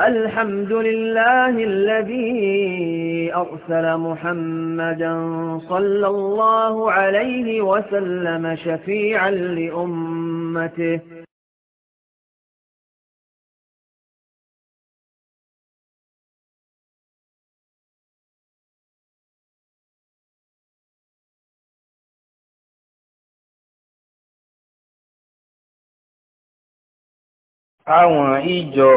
الحمد لله الذي أرسل محمدا صلى الله عليه وسلم شفيعا لأمته àwọn ìjọ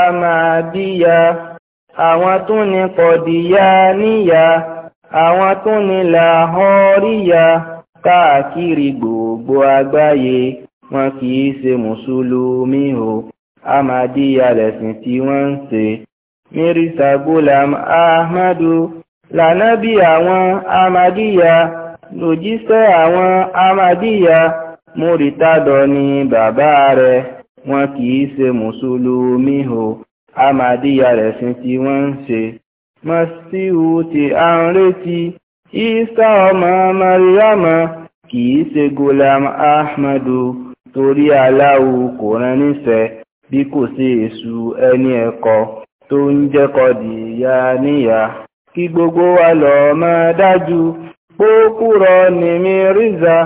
amadíyà àwọn tó ní kọ̀díyà níyà àwọn tó ní làhọ́ríyà káàkiri gbogbo àgbáyé wọn kì í ṣe mùsùlùmí o amadíyà lẹ̀sìn tí wọ́n ń ṣe mírísà gulam ahmadu lànábì àwọn amadíyà lòjíṣẹ́ àwọn amadíyà múrítàdọ̀ ni bàbá rẹ̀ wọn kì í ṣe mùsùlùmí o amadíyà rẹ̀ sí tí wọ́n ń ṣe masihu tí a ń retí isa ọmọ mariama kì í ṣe gulam ahmadu torí aláwo kò rán níṣẹ́ bí kò sí èṣù ẹni ẹ̀kọ́ tó ń jẹ́kọ̀ dìyà níyà kí gbogbo wa lọ mọ̀ dájú pókúrọ ní mírízà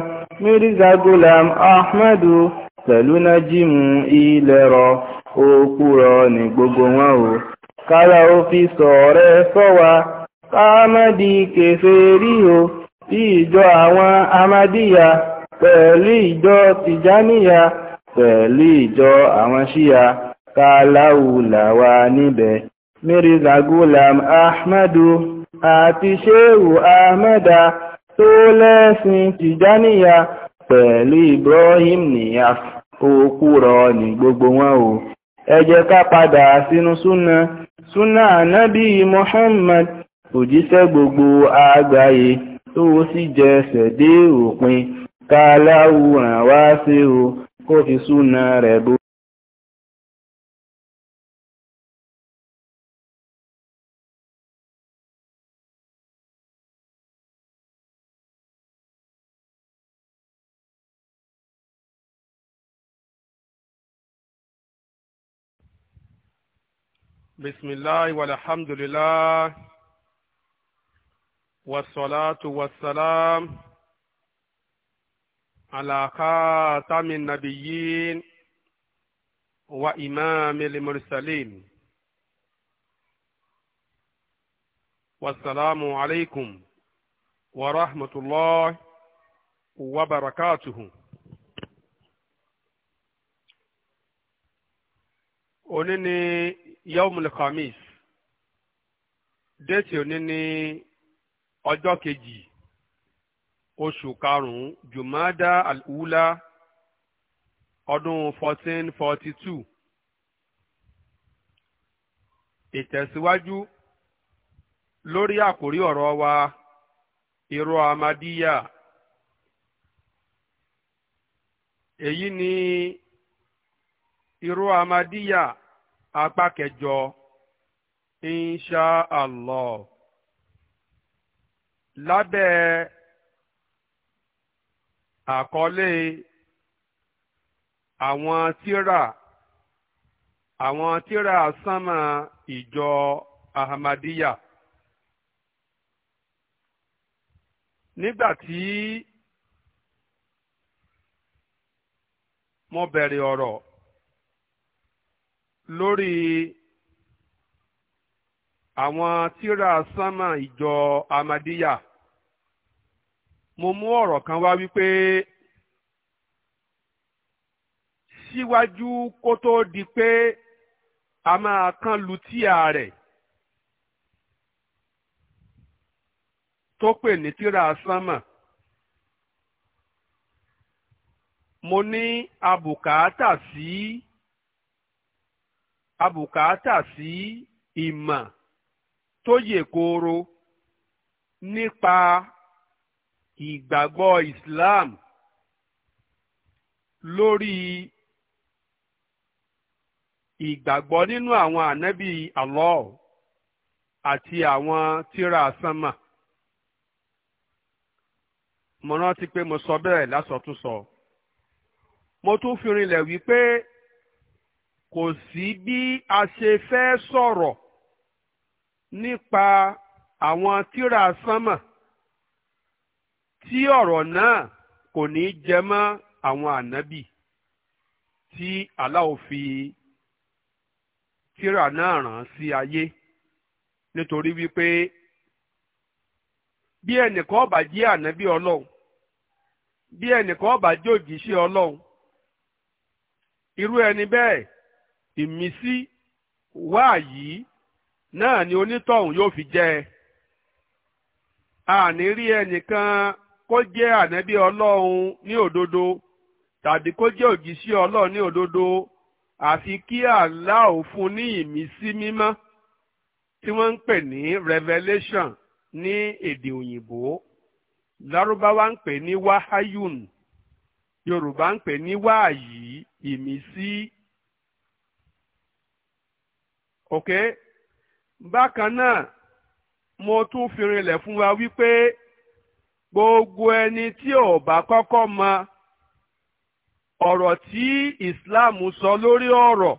mírízà gulam ahmadu pẹ̀lú nájímù ilẹ̀rọ òkúrọ ní gbogbo wọn o kára ó fi sọ̀rẹ́ sọ́wa káàmọ́dì kèfèrí o tí ìjọ àwọn amadíyà pẹ̀lú ìjọ tìjáníyà pẹ̀lú ìjọ àwọn ṣíyà káàláwùlàwà níbẹ̀ Mirza Gulam Ahmadu àti Ṣéhù ahmeda tó lẹ́sìn tìjáníyà pẹ̀lú Ibrahim Niyas òkúrọ̀ ní gbogbo wọn o ẹ jẹ́ ká padà sínú súnà súnà ànábì Muhammad òjíṣẹ́ gbogbo àgbáyé tó sì jẹsẹ̀ dé òpin ká láwùrán wá sí o kó fi súnà rẹ̀ bó بسم الله والحمد لله والصلاة والسلام على خاتم النبيين وإمام المرسلين والسلام عليكم ورحمة الله وبركاته òní yawmul khamis déètì òní ní ọjọ́ kejì oṣù karùn-ún jùmọ́dá al-ula ọdún fourteen forty two ìtẹ̀síwájú lórí àkórí ọ̀rọ̀ wa irọ́ amadíyà èyí ni irọ́ amadíyà apá kẹjọ insha allah lábẹ́ àkọlé àwọn tíra àwọn tíra sánmà ìjọ ahmadiyya nígbà tí mo bẹ̀rẹ̀ ọ̀rọ̀ lórí àwọn tíra sánmà ìjọ amadiya mo mú ọ̀rọ̀ kan wá wípé síwájú kó tó di pé a máa kán lu tíà rẹ̀ tó pè ní tíra sánmà mo ní abùkátà sí. Si, abùkátà sí ìmọ̀ tó yè kooro nípa ìgbàgbọ́ Islam lórí ìgbàgbọ́ nínú àwọn ànábì Allah àti àwọn tírà sánmà mo rántí pé mo sọ bẹ́ẹ̀ lásọtúnsọ mo tún fi rinlẹ̀ wípé kò sí bí a ṣe fẹ́ sọ̀rọ̀ nípa àwọn tíra sánmà tí ọ̀rọ̀ náà kò ní jẹ mọ́ àwọn ànábì tí aláwo fi tírà náà ràn sí ayé nítorí wípé bí ẹnìkan ọba jẹ ànábì ọlọ́run bí ẹnìkan ọba jẹ́ òjíṣẹ́ irú ẹni bẹ́ẹ̀ ìmísí yìí náà ni onítọ̀hún yóò fi jẹ́ ẹ. àní rí ẹnìkan kó jẹ́ ànábì ọlọ́run ní òdodo tàbí kó jẹ́ òjísí ọlọ́run ní òdodo àfi kí Allah ó fún ní ìmísí mímọ́ tí wọ́n ń pè ní ní èdè òyìnbó lárúbáwá wahayun yorùbá ń pè ní wáàyí ìmísí. ok bákan náà mo tún fi rinlẹ̀ fún wa wípé gbogbo ẹni tí ò bá kọ́kọ́ mọ ọ̀rọ̀ tí Islam sọ lórí ọ̀rọ̀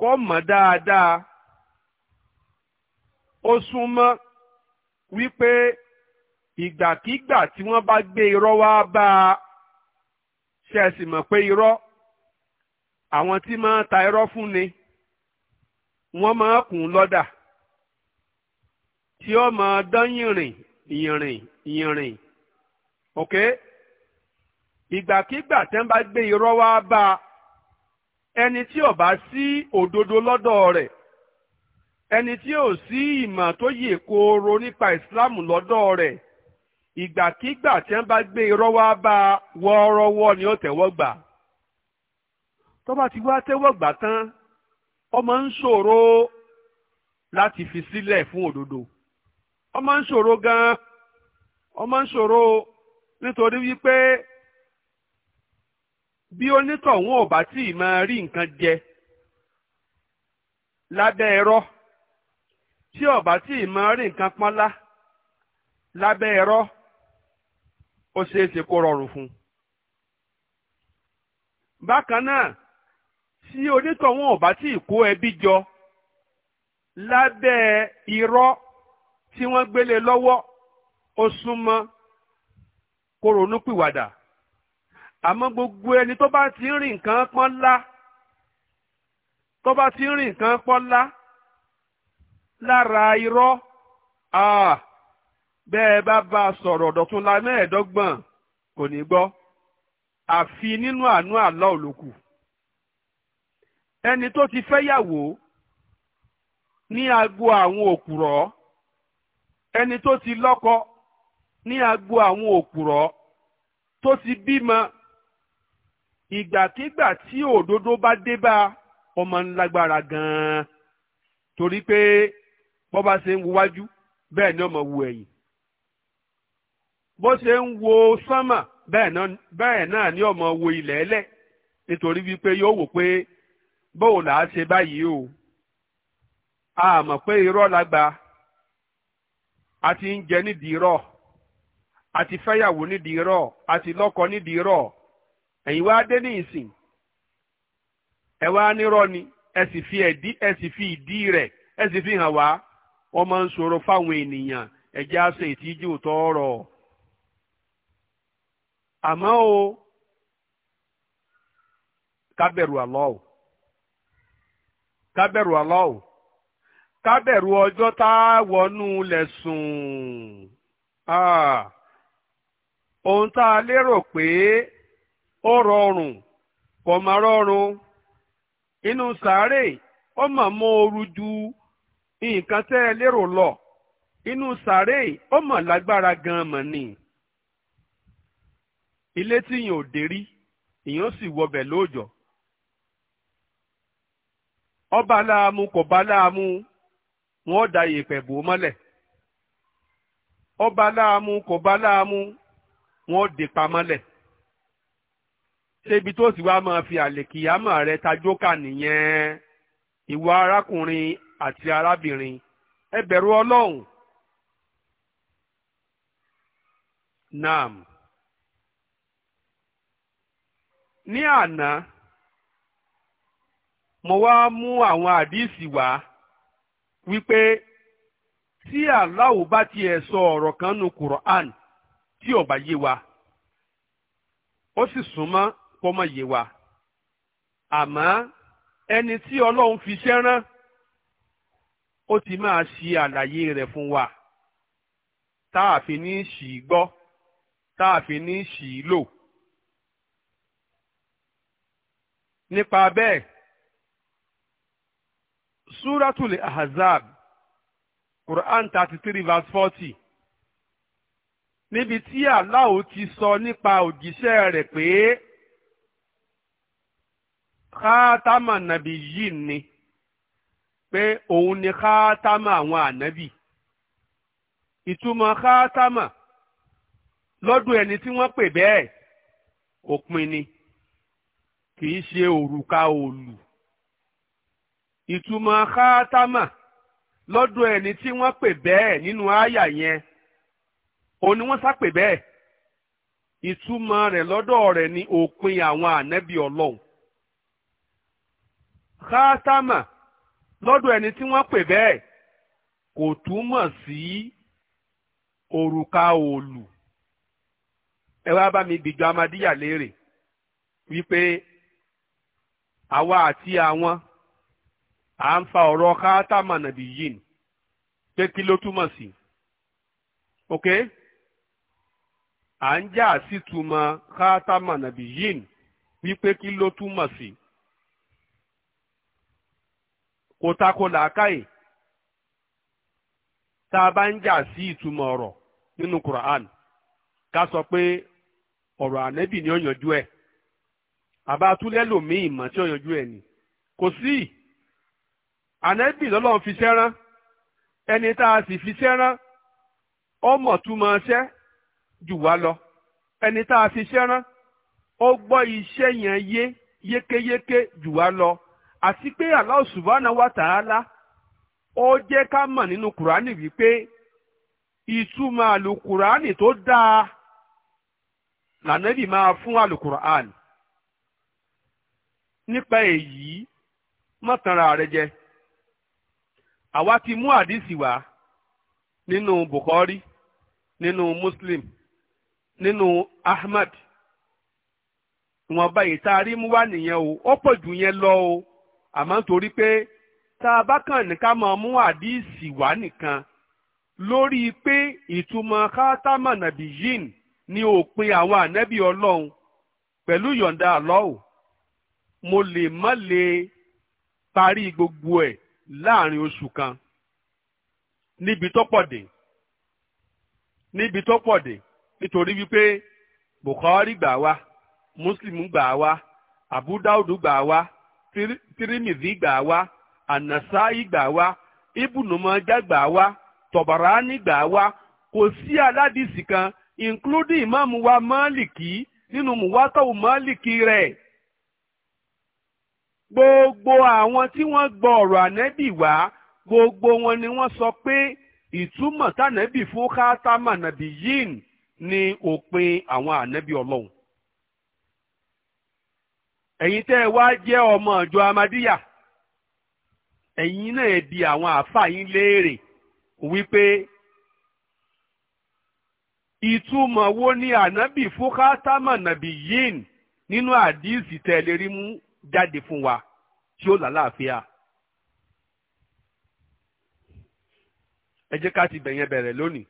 kó mọ̀ dáadáa ó súnmọ́ wípé ìgbàkígbà tí wọ́n bá gbé irọ́ wá bá a ṣe sì mọ̀ pé irọ́ àwọn tí máa ta irọ́ fún ni wọ́n máa kùn lọ́dà tí ó máa dán yìnrìn yìnrìn yìnrìn ok ìgbàkigbà tẹ́ ń bá gbé irọ́ wá bá ẹni tí ò bá sí òdodo lọ́dọ̀ rẹ̀ ẹni tí ò sí ìmọ̀ tó yè kooro nípa ìsìláàmù lọ́dọ̀ rẹ̀ ìgbàkigbà tí wọ́n bá gbé irọ́ wá bá wọ́ọ́rọ́wọ́ ni ó tẹ́wọ́ gbà tó bá ti wá tẹ́wọ́ gbà tán Ọmọ ń ṣòro láti fi sílẹ̀ fún òdodo ọmọ ń ṣòro gan-an ó ń ṣòro nítorí wípé bí onítọ̀hún ò bá tí ì máa rí nǹkan jẹ lábẹ́ ẹ̀rọ tí ò bá tí ì máa rí nǹkan pọ́nlá lábẹ́ ẹ̀rọ ó ṣeé ṣe kó rọrùn fún un. bákan náà tí onítọ̀hún ò bá tí ì kó ẹbí jọ lábẹ́ irọ́ tí wọ́n gbélé lọ́wọ́ ó súnmọ́ kó ronúpìwàdà àmọ́ gbogbo ẹni tó bá ti ń rìn nǹkan pọ́n lá tó bá ti ń rìn nǹkan pọ́n lá lára irọ́ bẹ́ẹ̀ bá bá a sọ̀rọ̀ ọ̀dọ̀tún la mẹ́ẹ̀ẹ́dọ́gbọ̀n kò ní gbọ́ àfi nínú àánú àlọ́ òlùkù. ẹni tó ti fẹ́yàwó ní agbo àwọn òkùrọ̀ ẹni tó ti lọ́kọ ní agbo àwọn òkùrọ̀ tó ti bímọ ìgbàkigbà tí òdodo bá dé bá ọmọ ńlágbára gan-an torí pé bó bá ṣe ń wájú bẹ́ẹ̀ ni ọmọ wo ẹ̀yìn bó ṣe ń wo sánmà bẹ́ẹ̀ náà ni ọmọ bóò là á ṣe báyìí o a mọ̀ pé irọ́ la gba a ti ń jẹ nídìí irọ́ a ti fẹ́yàwó nídìí irọ́ a ti lọ́kọ nídìí irọ́ ẹ̀yin wá dé ní ìsìn ẹ ni ẹ sì fi ẹ̀dí ẹ sì fi ìdí rẹ̀ ẹ sì fi hàn wá wọ́n máa ń sọ̀rọ̀ fáwọn ènìyàn ẹ̀jẹ̀ á ká bẹ̀rù Allah ká bẹ̀rù ọjọ́ tá a wọnú lẹ̀ sùn ah, ohun tá a lérò pé ó rọrùn kò má rọrùn inú sàárè ó mà mọ ooru ju nǹkan tẹ́ ẹ lérò lọ inú sàárè ó mà lágbára gan-an mọ̀ ni ilé tí yìnyín ò dé rí ìyẹn ó sì wọbẹ̀ lóòjọ́ ọba aláàmú kò bá láàmú wọ́n da ìyẹ̀pẹ̀ bò mọ́lẹ̀ ọba láàmú kò bá láàmú wọ́n dè pa mọ́lẹ̀ ṣébi tó sì wá máa fi àlèkìyámà rẹ tajókà nìyẹn ìwọ arákùnrin àti arábìnrin ẹ bẹ̀rù naam ní àná. mo wá mú àwọn àdíìsì wá wípé tí aláwo bá tiẹ̀ sọ ọ̀rọ̀ kan nu Quran tí ó bá yé wa ó sì súnmọ́ kó má yé wa àmọ́ ẹni tí ọlọ́run fi sẹ́rán ó ti máa ṣe àlàyé rẹ̀ fún wa tá a fi ní ṣì í gbọ́ tá a fi ní ṣì í lò nípa bẹ́ẹ̀. Suratul Ahzab Quran thirty three verse forty níbi tí Allah ti sọ nípa òjíṣẹ́ rẹ̀ pé káátámà nàbí yìí ni pé òun ni káátámà àwọn ànábì ìtumọ̀ káátámà lọ́dún ẹni tí wọ́n pè bẹ́ẹ̀ òpin ni kì í ṣe òrùka òòlù ìtumọ̀ káátámà lọ́dọ̀ ẹni tí wọ́n pè bẹ́ẹ̀ nínú àyà yẹn òun ni wọ́n sápè bẹ́ẹ̀ ìtumọ̀ rẹ̀ lọ́dọ̀ rẹ̀ ni òpin àwọn ànẹ́bí ọlọ́run káátámà lọ́dọ̀ ẹni tí wọ́n pè bẹ́ẹ̀ kò túmọ̀ sí òrùka òòlù ẹ wá bá mi dìjọ amadíyà léèrè wípé àwa àti àwọn à ń fa ọ̀rọ̀ káátámà nàbí yìí pé kí ló túmọ̀ sí ok à ń já àsìtúmọ̀ káátámà nàbí yìí wípé kí ló túmọ̀ sí kò tako làákàyè tá a bá ń jà sí ìtumọ̀ ọ̀rọ̀ nínú Quran ká sọ pé ọ̀rọ̀ ànẹ́bì ni ó yanjú ẹ̀ àbá túlẹ̀ mọ̀ tí ó yanjú ẹ̀ ni kò sí. Si ànẹ́bì lọ́lọ́run fi sẹ́rán ẹni tá a sì fi ó mọ̀ túmọ̀ lọ ẹni tá a fi sẹ́rán ó gbọ́ iṣẹ́ yẹn yé yékéyéké jù wá lọ àti pé Allah subhanahu wa ó jẹ́ ká mọ̀ nínú kùránì wípé ìtumọ̀ àlùkùránì tó dáa lànàbì máa fún àlùkùránì nípa àwa ti mú àdìsí wá nínú Bukhari nínú Muslim nínú Ahmad ìwọ̀nba yìí tá a rí mú wá nìyẹn o ó pọ̀ jù yẹn lọ o àmọ́ nítorí pé tá a bá kàn ní ká máa mú àdìsí wá nìkan lórí pé ìtumọ̀ kátámà nàbí yìn ni òpin àwọn ànábì Ọlọ́run pẹ̀lú yọ̀ǹda àlọ́ o mo lè má lè parí gbogbo ẹ̀ láàrin oṣù kan níbi tó pọ̀ dé níbi tó pọ̀ dé nítorí wípé Bukhari gbà wá Muslim gbà wá Abu gbà wá Tirmidhi gbà wá Anasai gbà wá Ibn Majah gbà wá Tọ̀bàránì gbà wá kò sí aládìsí kan including imaamu wa Maliki nínú muwátàwù Maliki rẹ̀. gbogbo àwọn tí wọ́n gbọ́ ọ̀rọ̀ ànẹ́bì wá gbogbo wọn ni wọ́n sọ pé ìtumọ̀ tànẹ́bì fún kátámà nàbì yín ni òpin àwọn ànẹ́bì ọlọ́run. ẹ̀yin tẹ́ ẹ wá jẹ́ ọmọ amadíyà ẹ̀yin náà àwọn yín léèrè wípé ìtumọ̀ wo ni fún nàbì yín nínú tẹ̀lé rí jáde fún wa tí ó làlàáfíà. ẹ jẹ́ ká ti bẹ̀yẹn bẹ̀rẹ̀ lónìí.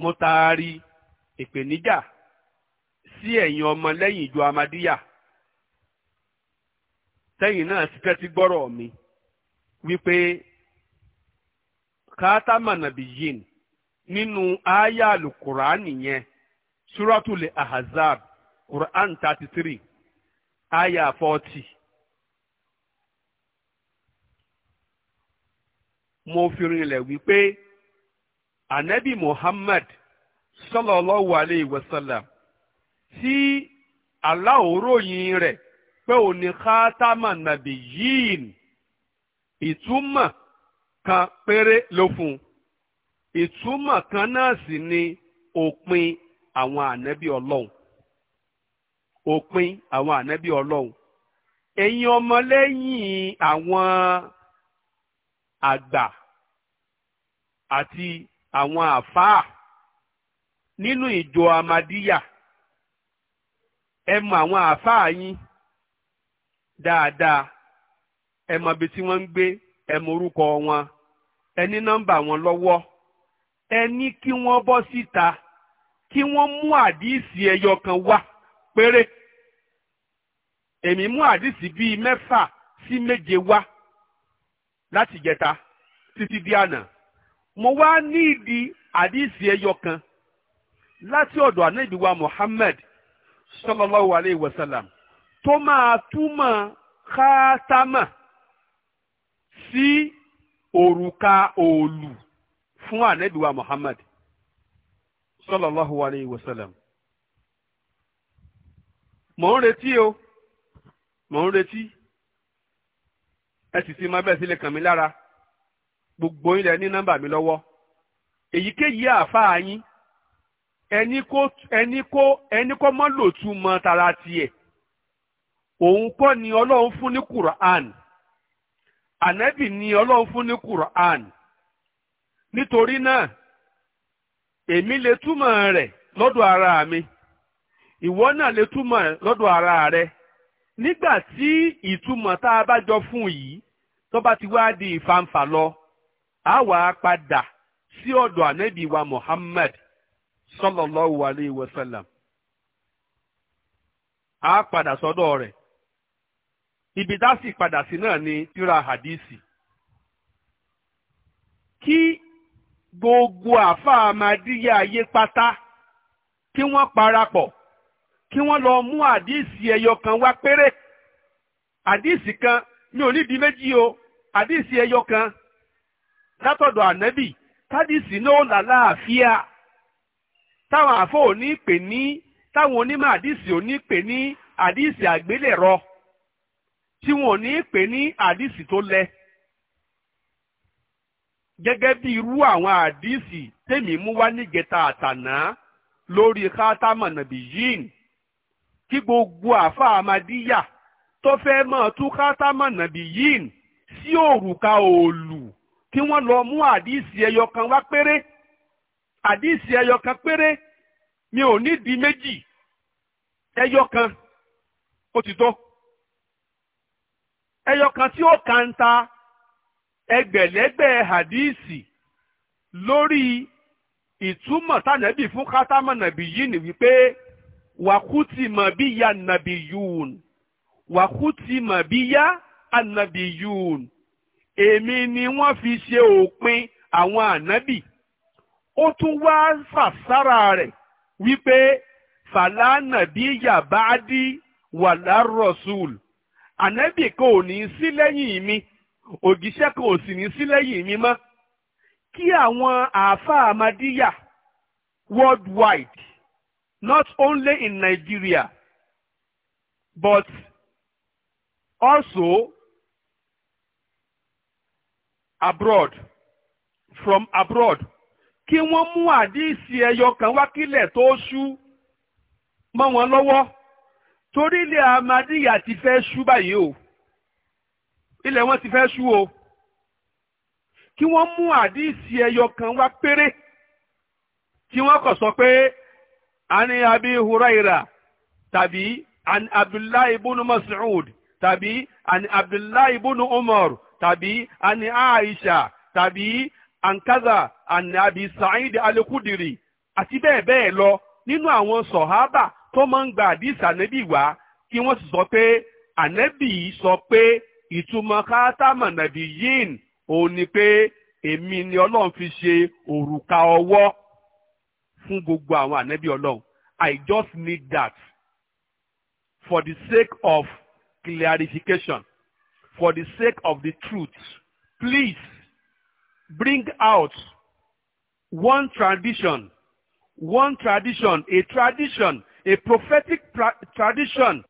mo taari ìpèníjà sí ẹ̀yin ọmọ lẹ́yìn ìjọ amadíyà tẹ́yìn náà sì tẹ́tí gbọ́rọ̀ mi wípé kátàmánàbí yìn nínú àyà àlùkùránì yẹn súrọ́tùlẹ̀ ahazab quran thirty three aya forty. mo fi rinlẹ̀ wípé anabi muhammad sallallahu alayhi wa sallam tí Allah ròyìn rẹ̀ pé ó ní khatama nabiyyin ìtumọ̀ kan péré ló fún un ìtumọ̀ kan náà sì ni òpin àwọn ànábì ọlọ́run òpin àwọn ànábì ọlọ́run ẹ̀yin ọmọlẹ́yìn àwọn àgbà àti àwọn àfáà nínú ìjọ amadíyà ẹ mọ àwọn àfáà yín dáadáa ẹ mọ ibi tí wọ́n ń gbé ẹ mọ orúkọ wọn ẹ ní nọ́mbà wọn lọ́wọ́ ẹ ní kí wọ́n bọ́ síta kí wọ́n mú àdíìsì ẹyọ kan wá. péré èmi mú àdìsí bíi mẹ́fà sí méje wá láti jẹta títí di àná mo wá ní ìdí àdìsí ẹyọ kan láti ọ̀dọ̀ ànábì Mohammed Muhammad sallallahu alayhi wa sallam tó máa túmọ̀ káátámà sí òrùka òòlù fún ànábì Mohammed Muhammad sallallahu alayhi wa sallam. mò ń retí o mò ń retí ẹ sì ti máa bẹ́ẹ̀ sílẹ̀ kàn mí lára gbogbo yín lẹ ní nọ́mbà mi lọ́wọ́ èyíkéyìí àáfàá yín ẹni kó ẹni kó ẹni kó mọ́ lòtúmọ̀ tara tiẹ̀ òun kọ́ ni ọlọ́run fún ní Quran ànábì ni ọlọ́run fún ní Quran nítorí náà èmi lè túmọ̀ rẹ̀ lọ́dọ̀ ara mi ìwọ náà lè túmọ̀ lọ́dọ̀ ara rẹ nígbà tí ìtumọ̀ tá a bá jọ fún yìí tó bá ti wá di ìfàǹfà lọ a wà á padà sí ọ̀dọ̀ ànábì wa Muhammad sallallahu alayhi wa sallam a padà sọ́dọ̀ rẹ̀ ibi tá a sì padà sí náà ni tírà hadisi kí gbogbo àfa àmàdíyà ayé pátá kí wọ́n parapọ̀ kí wọ́n lọ mú àdíìsì ẹyọ kan wá péré àdíìsì kan mi ò nídìí méjì o àdíìsì ẹyọ kan látọ̀dọ̀ ànábì tádìsì náà làlàáfíà táwọn àfọ òní pè ní táwọn onímọ̀ àdíìsì òní pè ní àdíìsì àgbélẹ̀rọ tí wọn ò ní pè ní àdíìsì tó lẹ gẹ́gẹ́ bí irú àwọn àdíìsì tèmi mú wá nígẹta àtàná lórí kátámọ̀ nàbìyíìnì kí gbogbo àfa àmàdíyà tó fẹ́ mọ̀ tú kátámọ̀ nàbí yìí sí òrùka òòlù kí wọ́n lọ mú àdíìsì ẹyọ kan wá péré àdíìsì ẹyọ kan péré mi ò ní di méjì ẹyọ kan ó ti tó ẹyọ kan tí ó kanta ẹgbẹ̀lẹ́gbẹ̀ àdíìsì lórí ìtumọ̀ tànàbí fún kátámọ̀ yìí ni wípé wàkútì mà bí ya nàbì yùn wàkútì mà bí ya ànàbì yùn èmi ni wọ́n fi ṣe òpin àwọn ànábì ó tún wá fàṣàrà rẹ̀ wípé fàlà nàbí yàbáàdì wàlà rọ̀ṣùl ànábì kan ò ní sí lẹ́yìn mi òjíṣẹ́ kan sì ní sí lẹ́yìn mi mọ́ kí àwọn àáfàá amadíyà worldwide not only in Nigeria but also abroad from abroad kí wọ́n mú àdíìsì ẹyọ kan wákìlẹ̀ tó ṣú mọ́ wọn lọ́wọ́ torí ilẹ̀ amadíyà ti fẹ́ ṣú báyìí o ilẹ̀ wọn ti fẹ́ ṣú o kí wọ́n mú àdíìsì ẹyọ kan wá péré tí wọ́n kọ̀ sọ pé ani abi huraira tàbí ani abdullahi ibnu mas'ud tàbí ani abdullahi ibnu umar tàbí ani aisha tàbí ankaza ani abi sa'id alikudiri àti bẹ́ẹ̀ bẹ́ẹ̀ lọ nínú àwọn sọ̀hábà tó máa ń gba àdìsí ànẹ́bì wá kí wọ́n sì sọ pé ànẹ́bì sọ pé ìtumọ̀ káátámà nàbí yín òun ni pé èmi ni ọlọ́run fi ṣe òrùka ọwọ́ fún gbogbo àwọn ànábì ọlọ́run I just need that for the sake of clarification for the sake of the truth please bring out one tradition one tradition a tradition a prophetic tradition